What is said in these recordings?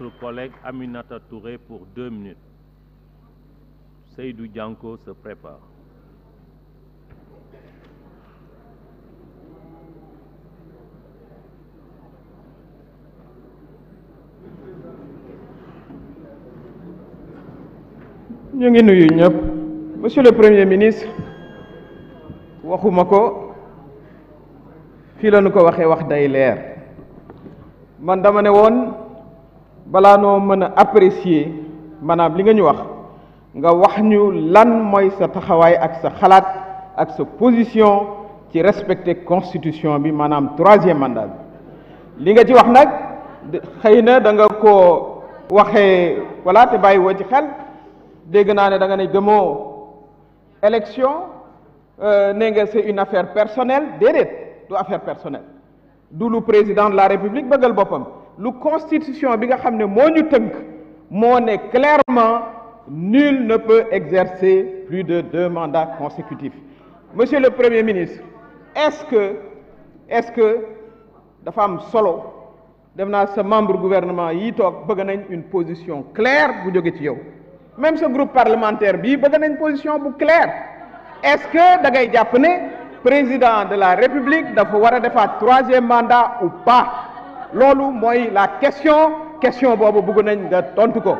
notre collègue Aminata Touré pour deux minutes. Seydou Dianko se ñu ngi nuyu ñëpp monsieur le premier ministre waxuma ko fii la ko waxee wax day leer man dama ne woon balaa noo mën a apprécier maanaam li nga ñu wax nga wax ñu lan mooy sa taxawaay ak sa xalaat ak sa position ci respecter constitution bi maanaam troisième mandat bi li nga ci wax nag xëy na da nga koo waxee voilà te bàyyi woo ci xel dégg naa ne da nga ne gëmoo élection euh, ne nga c'est une affaire personnelle déedéet du affaire personnelle du lu président de la république bëggal boppam lu constitution bi nga xam ne moo ñu tënk moo ne clairement nul ne peut exercer plus de deux mandats consécutifs monsieur le premier ministre est-ce que est-ce que dafa am solo def naa sa membre gouvernement yi toog bëgg nañ une position claire bu jóge ci yow même sa groupe parlementaire bii bëgg nañ position bu claire est-ce que da ngay jàpp ne président de la république dafa war a defaat troisième mandat ou pa loolu mooy la question question boobu bëgg nañ nga tontu ko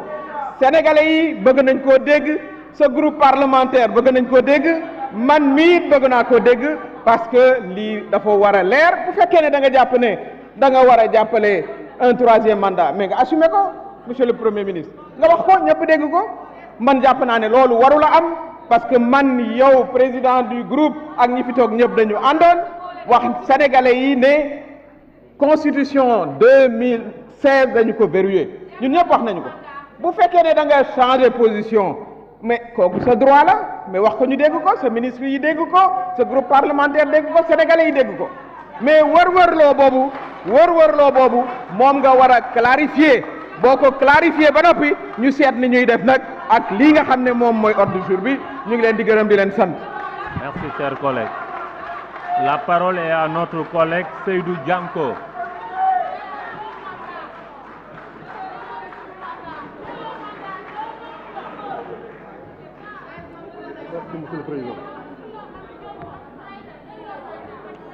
sénégalais yi bëgg nañ koo dégg sa groupe parlementaire bëgg nañ koo dégg man mii bëgg naa koo dégg parce que lii dafa war a leer bu fekkee ne da nga jàpp ne da nga war a jàppale un troisième mandat mais nga assumé ko monsieur le premier ministre nga wax ko ñëpp dégg ko man jàpp naa ne loolu warula am parce que man yow président du groupe ak ñi fi toog ñëpp dañu àndoon wax sénégalais yi ne. constitution deux mille seize dañu ko verrouillé ñun ñëpp wax nañu ko bu fekkee ne da nga changer position mais kooku sa droit la mais wax ko ñu dégg ko sa ministre yi dégg ko sa groupe parlementaire dégg ko sénégalais yi dégg ko mais wër-wërloo boobu wër-wërloo boobu moom nga war a clarifier boo ko clarifier ba noppi ñu seet ni ñuy def nag ak lii nga xam ne moom mooy ordre du bi ñu ngi leen di gërëm di leen sant. Merci, chers collègues. La parole est à notre collègue Seydou Dianko.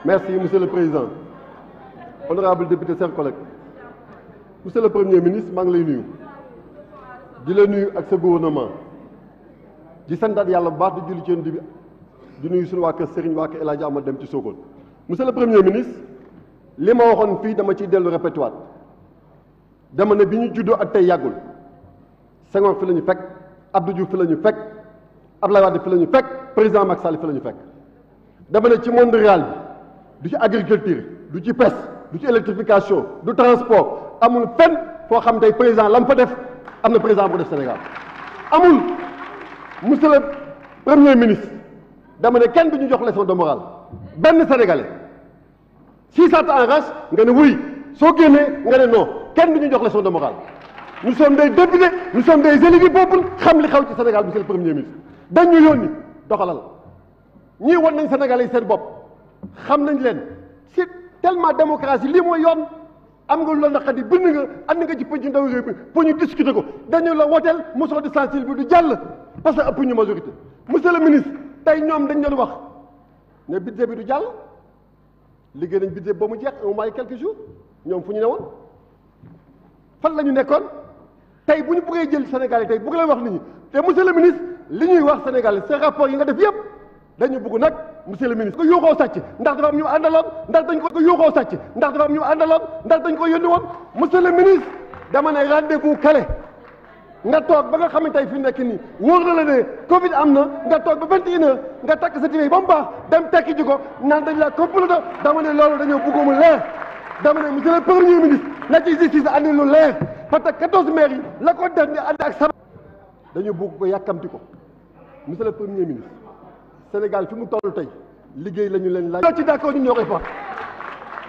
monsieur le monsieur le président honorable député chers collègues monsieur le premier ministre maa lay nuyu di la nuyu ak sa gouvernement di santaat yàlla bu baax di julli ci di bi di nuyu suñu waa kër Serigne waa kër El Hadj Amad dem ci Sokone monsieur le premier ministre li ma waxoon fii dama ciy dellu répété waat dama ne bi ñu juddoo ak tey yàggul Senghor fi la ñu fekk Abdou Diouf fi la ñu fekk. Abdoulaye Wade fi la ñu fekk président Macky Sall fi la ñu fekk dama ne ci monde rural bi du ci agriculture du ci pes du ci électrification du transport amul fenn foo xam tey président la mu fa def am na président bu def Sénégal amul monsieur le premier dama ne kenn du ñu jox leçon de morale benn sénégalais si ça t'enrage nga ne oui soo génnee nga ne non kenn du ñu jox leçon de morale nous sommes des députés nous sommes des élus du xam li xew ci Sénégal monsieur le premier ministre. dañu yónni doxalal ñii wan nañ Sénégal yi seen bopp xam nañ leen si tellement démocratie lii mooy yoon am nga lu la naqari bind nga ànd nga ci pënc ndaw réew mi pour ñu discuter ko dañu la woteel motion de censure bi du jàll parce que ëpp ñu majorité le ministre tey ñoom dañ doon wax ne budget bi du jàll liggéey nañ budget ba mu jeex un mois et quelques ñoom fu ñu ne woon fan la ñu nekkoon tey bu ñu bëggee jël Sénégal yi tey bëgg leen wax nit te monsieur le ministre li ñuy wax Sénégal sa rapport yi nga def yëpp dañu bëgg nag monsieur le ministre ko yuuxoo sàcc ndax dafa am ñu àndaloon ndax dañ ko yuuxoo sàcc ndax dafa ñu àndaloon ndax dañ ko yónni woon monsieur le ministre dama ne rendez-vous kale nga toog ba nga xam ne tey fi nekk nii wóor na la ne Covid am na nga toog ba vingt et une nga takk sa tibéy ba mu baax dem tekki ji ko naan dañ laa comploté dama ne loolu dañoo bëgg mu leer dama ne monsieur le premier ministre na ci justice andi lu leer parce que quatorze maires yi la ko def ni ànd ak saba dañu bugg ko yàkkamti ko monsieur le premier ministre Sénégal fi mu toll tey liggéey lañu leen laaj. ñoo ci d'accord ñun ñoo koy far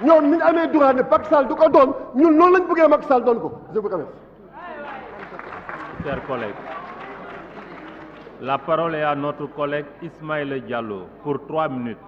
ñoom ni ñu amee droit ne Macky du ko doon ñun noonu lañ bëggee Macky Sall doon ko je vous remercie. chers collègues la parole est à notre collègue Ismaïla Diallo pour trois minutes.